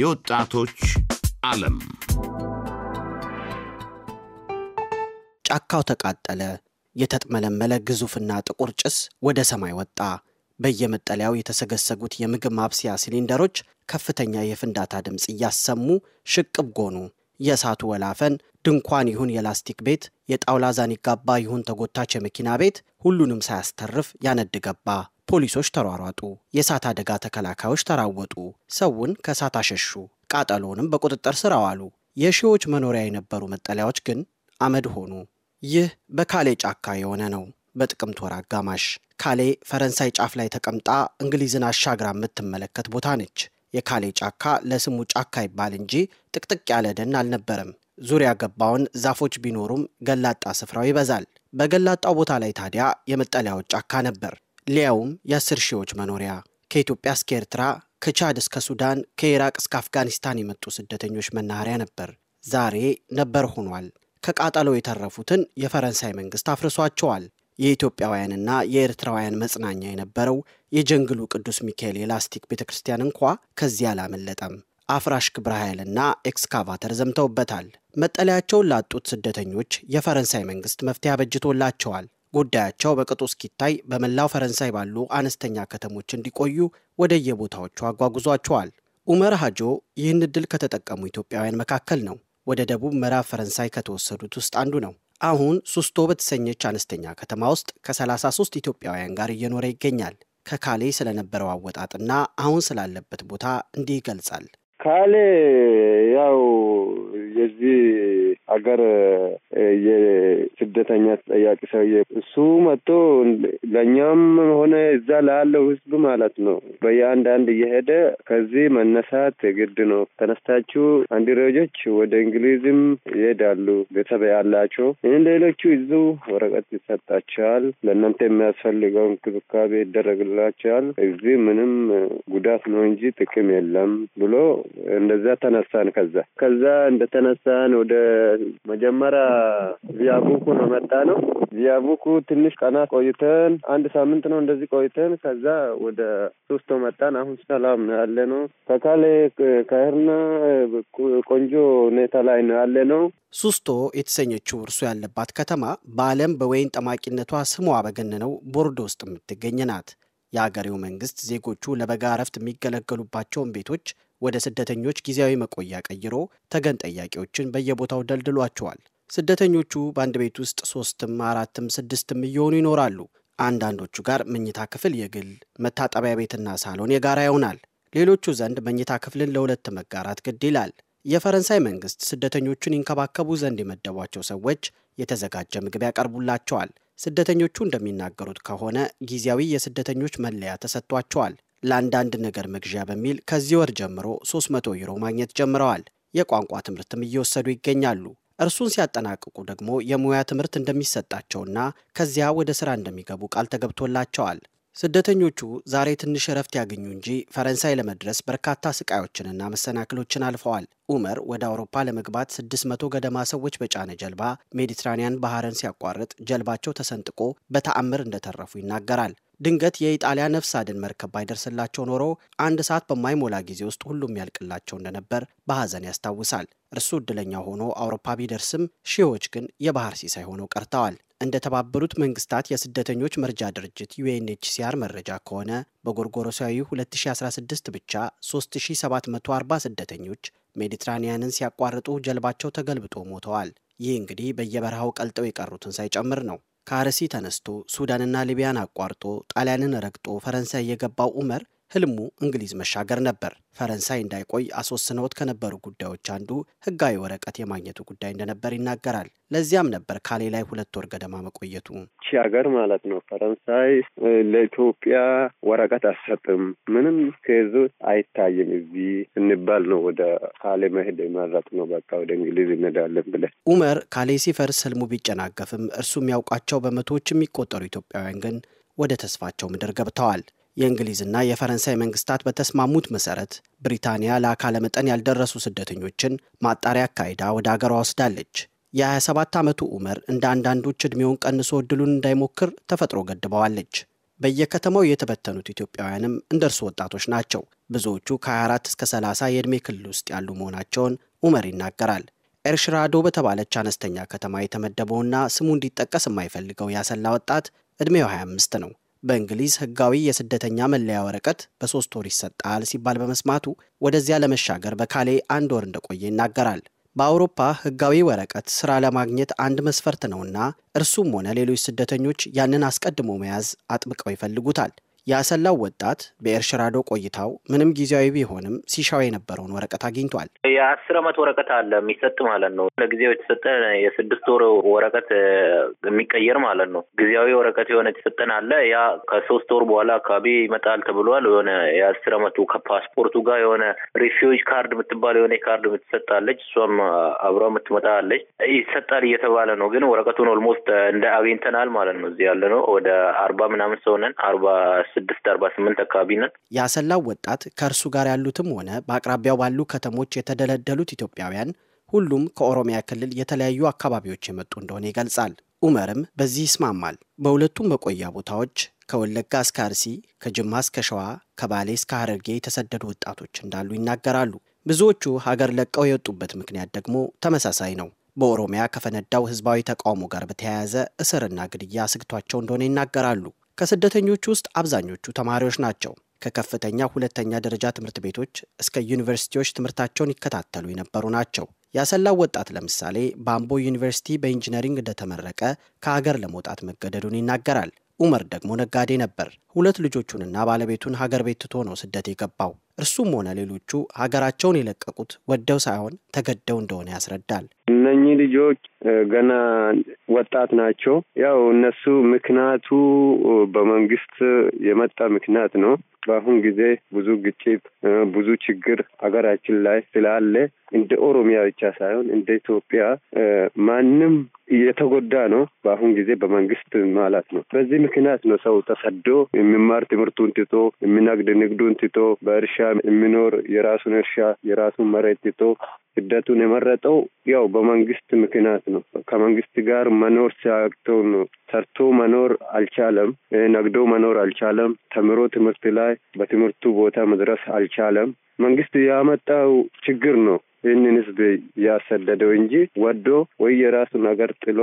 የወጣቶች ዓለም ጫካው ተቃጠለ። የተጥመለመለ ግዙፍና ጥቁር ጭስ ወደ ሰማይ ወጣ። በየመጠለያው የተሰገሰጉት የምግብ ማብሰያ ሲሊንደሮች ከፍተኛ የፍንዳታ ድምፅ እያሰሙ ሽቅብ ጎኑ። የእሳቱ ወላፈን ድንኳን ይሁን የላስቲክ ቤት፣ የጣውላ ዛን ይጋባ ይሁን ተጎታች የመኪና ቤት ሁሉንም ሳያስተርፍ ያነድ ገባ። ፖሊሶች ተሯሯጡ። የእሳት አደጋ ተከላካዮች ተራወጡ። ሰውን ከእሳት አሸሹ። ቃጠሎንም በቁጥጥር ስር አዋሉ። የሺዎች መኖሪያ የነበሩ መጠለያዎች ግን አመድ ሆኑ። ይህ በካሌ ጫካ የሆነ ነው። በጥቅምት ወር አጋማሽ ካሌ ፈረንሳይ ጫፍ ላይ ተቀምጣ እንግሊዝን አሻግራ የምትመለከት ቦታ ነች። የካሌ ጫካ ለስሙ ጫካ ይባል እንጂ ጥቅጥቅ ያለ ደን አልነበረም። ዙሪያ ገባውን ዛፎች ቢኖሩም ገላጣ ስፍራው ይበዛል። በገላጣው ቦታ ላይ ታዲያ የመጠለያዎች ጫካ ነበር፣ ሊያውም የአስር ሺዎች መኖሪያ። ከኢትዮጵያ እስከ ኤርትራ፣ ከቻድ እስከ ሱዳን፣ ከኢራቅ እስከ አፍጋኒስታን የመጡ ስደተኞች መናኸሪያ ነበር። ዛሬ ነበር ሆኗል። ከቃጠሎ የተረፉትን የፈረንሳይ መንግስት አፍርሷቸዋል። የኢትዮጵያውያንና የኤርትራውያን መጽናኛ የነበረው የጀንግሉ ቅዱስ ሚካኤል የላስቲክ ቤተ ክርስቲያን እንኳ ከዚህ አላመለጠም። አፍራሽ ግብረ ኃይልና ኤክስካቫተር ዘምተውበታል። መጠለያቸውን ላጡት ስደተኞች የፈረንሳይ መንግስት መፍትሄ አበጅቶላቸዋል። ጉዳያቸው በቅጡ እስኪታይ በመላው ፈረንሳይ ባሉ አነስተኛ ከተሞች እንዲቆዩ ወደየቦታዎቹ አጓጉዟቸዋል። ኡመር ሀጆ ይህን እድል ከተጠቀሙ ኢትዮጵያውያን መካከል ነው። ወደ ደቡብ ምዕራብ ፈረንሳይ ከተወሰዱት ውስጥ አንዱ ነው። አሁን ሱስቶ በተሰኘች አነስተኛ ከተማ ውስጥ ከ33 ኢትዮጵያውያን ጋር እየኖረ ይገኛል። ከካሌ ስለነበረው አወጣጥና አሁን ስላለበት ቦታ እንዲህ ይገልጻል። ካሌ ያው የዚህ ሀገር የስደተኛ ተጠያቂ ሰውዬ እሱ መጥቶ ለእኛም ሆነ እዛ ላለው ህዝብ ማለት ነው በየአንዳንድ እየሄደ ከዚህ መነሳት ግድ ነው። ተነስታችሁ አንድሮጆች ወደ እንግሊዝም ይሄዳሉ። ቤተሰብ ያላቸው ይህን ሌሎቹ ይዙ ወረቀት ይሰጣቸዋል። ለእናንተ የሚያስፈልገው እንክብካቤ ይደረግላቸዋል። እዚህ ምንም ጉዳት ነው እንጂ ጥቅም የለም ብሎ እንደዛ ተነሳን። ከዛ ከዛ እንደተነሳን ወደ መጀመሪያ ቪያቡኩ ነው መጣ ነው። ቪያቡኩ ትንሽ ቀናት ቆይተን አንድ ሳምንት ነው እንደዚህ ቆይተን ከዛ ወደ ሶስቶ መጣን። አሁን ሰላም ነው ያለ ነው። ከካሌ ከህርና ቆንጆ ሁኔታ ላይ ነው ያለ ነው። ሱስቶ የተሰኘችው እርሱ ያለባት ከተማ በዓለም በወይን ጠማቂነቷ ስሟ በገነነው ቦርዶ ውስጥ የምትገኝ ናት። የአገሬው መንግስት ዜጎቹ ለበጋ እረፍት የሚገለገሉባቸውን ቤቶች ወደ ስደተኞች ጊዜያዊ መቆያ ቀይሮ ተገን ጠያቂዎችን በየቦታው ደልድሏቸዋል። ስደተኞቹ በአንድ ቤት ውስጥ ሶስትም አራትም ስድስትም እየሆኑ ይኖራሉ። አንዳንዶቹ ጋር መኝታ ክፍል የግል መታጠቢያ ቤትና ሳሎን የጋራ ይሆናል። ሌሎቹ ዘንድ መኝታ ክፍልን ለሁለት መጋራት ግድ ይላል። የፈረንሳይ መንግስት ስደተኞቹን ይንከባከቡ ዘንድ የመደቧቸው ሰዎች የተዘጋጀ ምግብ ያቀርቡላቸዋል። ስደተኞቹ እንደሚናገሩት ከሆነ ጊዜያዊ የስደተኞች መለያ ተሰጥቷቸዋል። ለአንዳንድ ነገር መግዣ በሚል ከዚህ ወር ጀምሮ 300 ዩሮ ማግኘት ጀምረዋል። የቋንቋ ትምህርትም እየወሰዱ ይገኛሉ። እርሱን ሲያጠናቅቁ ደግሞ የሙያ ትምህርት እንደሚሰጣቸውና ከዚያ ወደ ስራ እንደሚገቡ ቃል ተገብቶላቸዋል። ስደተኞቹ ዛሬ ትንሽ እረፍት ያገኙ እንጂ ፈረንሳይ ለመድረስ በርካታ ስቃዮችንና መሰናክሎችን አልፈዋል። ኡመር ወደ አውሮፓ ለመግባት 600 ገደማ ሰዎች በጫነ ጀልባ ሜዲትራኒያን ባህርን ሲያቋርጥ ጀልባቸው ተሰንጥቆ በተአምር እንደተረፉ ይናገራል። ድንገት የኢጣሊያ ነፍስ አድን መርከብ ባይደርስላቸው ኖሮ አንድ ሰዓት በማይሞላ ጊዜ ውስጥ ሁሉም ያልቅላቸው እንደነበር በሐዘን ያስታውሳል። እርሱ እድለኛ ሆኖ አውሮፓ ቢደርስም ሺዎች ግን የባህር ሲሳይ ሆነው ቀርተዋል። እንደ ተባበሩት መንግስታት የስደተኞች መርጃ ድርጅት ዩኤንኤችሲአር መረጃ ከሆነ በጎርጎሮሳዊ 2016 ብቻ 3740 ስደተኞች ሜዲትራኒያንን ሲያቋርጡ ጀልባቸው ተገልብጦ ሞተዋል። ይህ እንግዲህ በየበረሃው ቀልጠው የቀሩትን ሳይጨምር ነው። ከአርሲ ተነስቶ ሱዳንና ሊቢያን አቋርጦ ጣሊያንን ረግጦ ፈረንሳይ የገባው ኡመር ህልሙ እንግሊዝ መሻገር ነበር። ፈረንሳይ እንዳይቆይ አስወስነውት ከነበሩ ጉዳዮች አንዱ ህጋዊ ወረቀት የማግኘቱ ጉዳይ እንደነበር ይናገራል። ለዚያም ነበር ካሌ ላይ ሁለት ወር ገደማ መቆየቱ። ቺ ሀገር ማለት ነው ፈረንሳይ ለኢትዮጵያ ወረቀት አሰጥም ምንም ከዙ አይታይም እዚህ እንባል ነው ወደ ካሌ መሄድ የመረጥ ነው። በቃ ወደ እንግሊዝ እንሄዳለን ብለን ኡመር ካሌ ሲፈርስ ህልሙ ቢጨናገፍም እርሱ የሚያውቃቸው በመቶዎች የሚቆጠሩ ኢትዮጵያውያን ግን ወደ ተስፋቸው ምድር ገብተዋል። የእንግሊዝና የፈረንሳይ መንግስታት በተስማሙት መሰረት ብሪታንያ ለአካለ መጠን ያልደረሱ ስደተኞችን ማጣሪያ አካሂዳ ወደ አገሯ ወስዳለች። የ27 ዓመቱ ዑመር እንደ አንዳንዶች ዕድሜውን ቀንሶ እድሉን እንዳይሞክር ተፈጥሮ ገድበዋለች። በየከተማው የተበተኑት ኢትዮጵያውያንም እንደ እርሱ ወጣቶች ናቸው። ብዙዎቹ ከ24 እስከ 30 የዕድሜ ክልል ውስጥ ያሉ መሆናቸውን ኡመር ይናገራል። ኤርሽራዶ በተባለች አነስተኛ ከተማ የተመደበውና ስሙ እንዲጠቀስ የማይፈልገው ያሰላ ወጣት ዕድሜው 25 ነው። በእንግሊዝ ህጋዊ የስደተኛ መለያ ወረቀት በሶስት ወር ይሰጣል ሲባል በመስማቱ ወደዚያ ለመሻገር በካሌ አንድ ወር እንደቆየ ይናገራል። በአውሮፓ ህጋዊ ወረቀት ስራ ለማግኘት አንድ መስፈርት ነውና እርሱም ሆነ ሌሎች ስደተኞች ያንን አስቀድሞ መያዝ አጥብቀው ይፈልጉታል። ያሰላው ወጣት በኤርሽራዶ ቆይታው ምንም ጊዜያዊ ቢሆንም ሲሻው የነበረውን ወረቀት አግኝቷል። የአስር አመት ወረቀት አለ የሚሰጥ ማለት ነው። ለጊዜው የተሰጠ የስድስት ወር ወረቀት የሚቀየር ማለት ነው። ጊዜያዊ ወረቀት የሆነ የተሰጠን አለ። ያ ከሶስት ወር በኋላ አካባቢ ይመጣል ተብሏል። የሆነ የአስር አመቱ ከፓስፖርቱ ጋር የሆነ ሪፊውጅ ካርድ የምትባል የሆነ ካርድ የምትሰጣለች። እሷም አብራ የምትመጣ አለች። ይሰጣል እየተባለ ነው። ግን ወረቀቱን ኦልሞስት እንደ አግኝተናል ማለት ነው። እዚህ ያለ ነው ወደ አርባ ምናምን ሰው ነን አርባ ስድስት አርባ ስምንት አካባቢ ነን። ያሰላው ወጣት ከእርሱ ጋር ያሉትም ሆነ በአቅራቢያው ባሉ ከተሞች የተደለደሉት ኢትዮጵያውያን ሁሉም ከኦሮሚያ ክልል የተለያዩ አካባቢዎች የመጡ እንደሆነ ይገልጻል። ኡመርም በዚህ ይስማማል። በሁለቱም መቆያ ቦታዎች ከወለጋ እስከ አርሲ፣ ከጅማ እስከ ሸዋ፣ ከባሌ እስከ ሀረርጌ የተሰደዱ ወጣቶች እንዳሉ ይናገራሉ። ብዙዎቹ ሀገር ለቀው የወጡበት ምክንያት ደግሞ ተመሳሳይ ነው። በኦሮሚያ ከፈነዳው ህዝባዊ ተቃውሞ ጋር በተያያዘ እስርና ግድያ አስግቷቸው እንደሆነ ይናገራሉ። ከስደተኞቹ ውስጥ አብዛኞቹ ተማሪዎች ናቸው። ከከፍተኛ ሁለተኛ ደረጃ ትምህርት ቤቶች እስከ ዩኒቨርሲቲዎች ትምህርታቸውን ይከታተሉ የነበሩ ናቸው። ያሰላው ወጣት ለምሳሌ በአምቦ ዩኒቨርሲቲ በኢንጂነሪንግ እንደተመረቀ ከሀገር ለመውጣት መገደዱን ይናገራል። ኡመር ደግሞ ነጋዴ ነበር። ሁለት ልጆቹንና ባለቤቱን ሀገር ቤት ትቶ ነው ስደት የገባው። እርሱም ሆነ ሌሎቹ ሀገራቸውን የለቀቁት ወደው ሳይሆን ተገደው እንደሆነ ያስረዳል። እነኚህ ልጆች ገና ወጣት ናቸው። ያው እነሱ ምክንያቱ በመንግስት የመጣ ምክንያት ነው። በአሁን ጊዜ ብዙ ግጭት፣ ብዙ ችግር ሀገራችን ላይ ስላለ እንደ ኦሮሚያ ብቻ ሳይሆን እንደ ኢትዮጵያ ማንም እየተጎዳ ነው። በአሁን ጊዜ በመንግስት ማለት ነው። በዚህ ምክንያት ነው ሰው ተሰዶ የሚማር ትምህርቱን ትቶ የሚነግድ ንግዱን ትቶ በእርሻ የሚኖር የራሱን እርሻ የራሱን መሬት ትቶ ስደቱን የመረጠው ያው በመንግስት ምክንያት ነው። ከመንግስት ጋር መኖር ሲያቅተው ነው። ሰርቶ መኖር አልቻለም። ነግዶ መኖር አልቻለም። ተምሮ ትምህርት ላይ በትምህርቱ ቦታ መድረስ አልቻለም። መንግስት ያመጣው ችግር ነው ይህንን ህዝብ ያሰደደው እንጂ ወዶ ወይ የራሱን አገር ጥሎ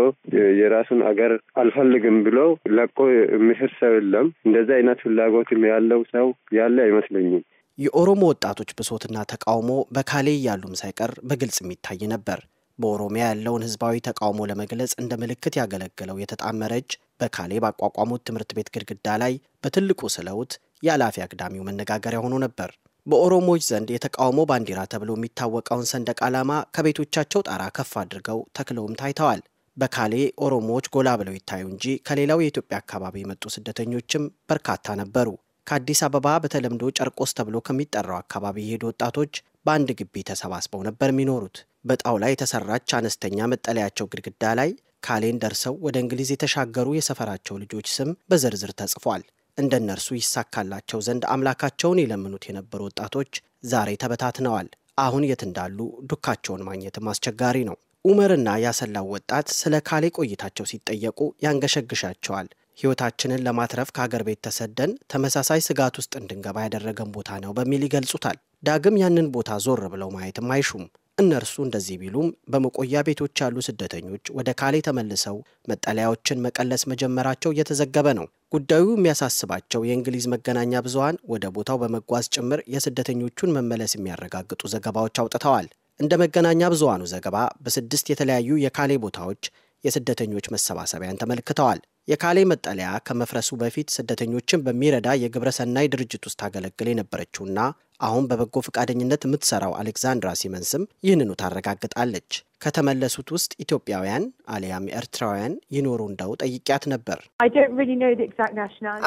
የራሱን አገር አልፈልግም ብሎ ለቆ የሚሄድ ሰው የለም። እንደዚ አይነት ፍላጎትም ያለው ሰው ያለ አይመስለኝም። የኦሮሞ ወጣቶች ብሶትና ተቃውሞ በካሌ ያሉም ሳይቀር በግልጽ የሚታይ ነበር። በኦሮሚያ ያለውን ህዝባዊ ተቃውሞ ለመግለጽ እንደ ምልክት ያገለገለው የተጣመረ እጅ በካሌ ባቋቋሙት ትምህርት ቤት ግድግዳ ላይ በትልቁ ስለውት የአላፊ አግዳሚው መነጋገሪያ ሆኖ ነበር። በኦሮሞዎች ዘንድ የተቃውሞ ባንዲራ ተብሎ የሚታወቀውን ሰንደቅ ዓላማ ከቤቶቻቸው ጣራ ከፍ አድርገው ተክለውም ታይተዋል። በካሌ ኦሮሞዎች ጎላ ብለው ይታዩ እንጂ ከሌላው የኢትዮጵያ አካባቢ የመጡ ስደተኞችም በርካታ ነበሩ። ከአዲስ አበባ በተለምዶ ጨርቆስ ተብሎ ከሚጠራው አካባቢ የሄዱ ወጣቶች በአንድ ግቢ ተሰባስበው ነበር የሚኖሩት። በጣውላ የተሰራች አነስተኛ መጠለያቸው ግድግዳ ላይ ካሌን ደርሰው ወደ እንግሊዝ የተሻገሩ የሰፈራቸው ልጆች ስም በዝርዝር ተጽፏል። እንደ እነርሱ ይሳካላቸው ዘንድ አምላካቸውን የለምኑት የነበሩ ወጣቶች ዛሬ ተበታትነዋል። አሁን የት እንዳሉ ዱካቸውን ማግኘትም አስቸጋሪ ነው። ኡመርና ያሰላው ወጣት ስለ ካሌ ቆይታቸው ሲጠየቁ ያንገሸግሻቸዋል። ሕይወታችንን ለማትረፍ ከሀገር ቤት ተሰደን ተመሳሳይ ስጋት ውስጥ እንድንገባ ያደረገን ቦታ ነው በሚል ይገልጹታል። ዳግም ያንን ቦታ ዞር ብለው ማየትም አይሹም። እነርሱ እንደዚህ ቢሉም በመቆያ ቤቶች ያሉ ስደተኞች ወደ ካሌ ተመልሰው መጠለያዎችን መቀለስ መጀመራቸው እየተዘገበ ነው። ጉዳዩ የሚያሳስባቸው የእንግሊዝ መገናኛ ብዙኃን ወደ ቦታው በመጓዝ ጭምር የስደተኞቹን መመለስ የሚያረጋግጡ ዘገባዎች አውጥተዋል። እንደ መገናኛ ብዙኃኑ ዘገባ በስድስት የተለያዩ የካሌ ቦታዎች የስደተኞች መሰባሰቢያን ተመልክተዋል። የካሌ መጠለያ ከመፍረሱ በፊት ስደተኞችን በሚረዳ የግብረ ሰናይ ድርጅት ውስጥ ታገለግል የነበረችውና አሁን በበጎ ፈቃደኝነት የምትሰራው አሌክዛንድራ ሲመንስም ይህንኑ ታረጋግጣለች። ከተመለሱት ውስጥ ኢትዮጵያውያን አሊያም ኤርትራውያን ይኖሩ እንደው ጠይቂያት ነበር።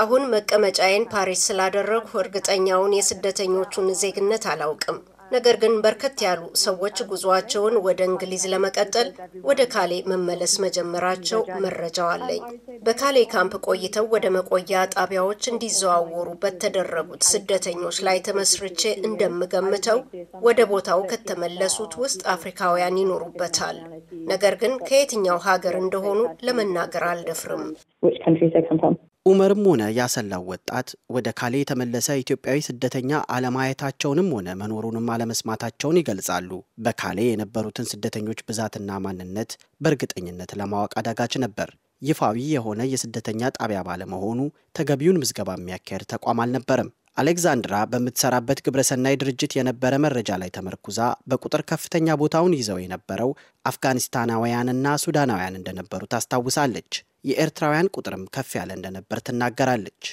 አሁን መቀመጫዬን ፓሪስ ስላደረግሁ እርግጠኛውን የስደተኞቹን ዜግነት አላውቅም። ነገር ግን በርከት ያሉ ሰዎች ጉዞአቸውን ወደ እንግሊዝ ለመቀጠል ወደ ካሌ መመለስ መጀመራቸው መረጃው አለኝ። በካሌ ካምፕ ቆይተው ወደ መቆያ ጣቢያዎች እንዲዘዋወሩ በተደረጉት ስደተኞች ላይ ተመስርቼ እንደምገምተው ወደ ቦታው ከተመለሱት ውስጥ አፍሪካውያን ይኖሩበታል። ነገር ግን ከየትኛው ሀገር እንደሆኑ ለመናገር አልደፍርም። ኡመርም ሆነ ያሰላው ወጣት ወደ ካሌ የተመለሰ ኢትዮጵያዊ ስደተኛ አለማየታቸውንም ሆነ መኖሩንም አለመስማታቸውን ይገልጻሉ። በካሌ የነበሩትን ስደተኞች ብዛትና ማንነት በእርግጠኝነት ለማወቅ አዳጋች ነበር። ይፋዊ የሆነ የስደተኛ ጣቢያ ባለመሆኑ ተገቢውን ምዝገባ የሚያካሄድ ተቋም አልነበረም። አሌክዛንድራ በምትሰራበት ግብረሰናይ ድርጅት የነበረ መረጃ ላይ ተመርኩዛ በቁጥር ከፍተኛ ቦታውን ይዘው የነበረው አፍጋኒስታናውያንና ሱዳናውያን እንደነበሩ ታስታውሳለች። የኤርትራውያን ቁጥርም ከፍ ያለ እንደነበር ትናገራለች።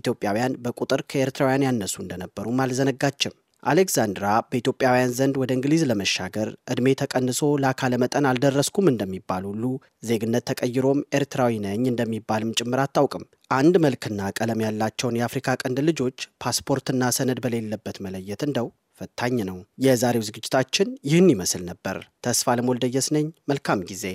ኢትዮጵያውያን በቁጥር ከኤርትራውያን ያነሱ እንደነበሩም አልዘነጋችም። አሌክዛንድራ በኢትዮጵያውያን ዘንድ ወደ እንግሊዝ ለመሻገር እድሜ ተቀንሶ ለአካለ መጠን አልደረስኩም እንደሚባል ሁሉ ዜግነት ተቀይሮም ኤርትራዊ ነኝ እንደሚባልም ጭምር አታውቅም። አንድ መልክና ቀለም ያላቸውን የአፍሪካ ቀንድ ልጆች ፓስፖርትና ሰነድ በሌለበት መለየት እንደው ፈታኝ ነው። የዛሬው ዝግጅታችን ይህን ይመስል ነበር። ተስፋ ለሞልደየስ ነኝ። መልካም ጊዜ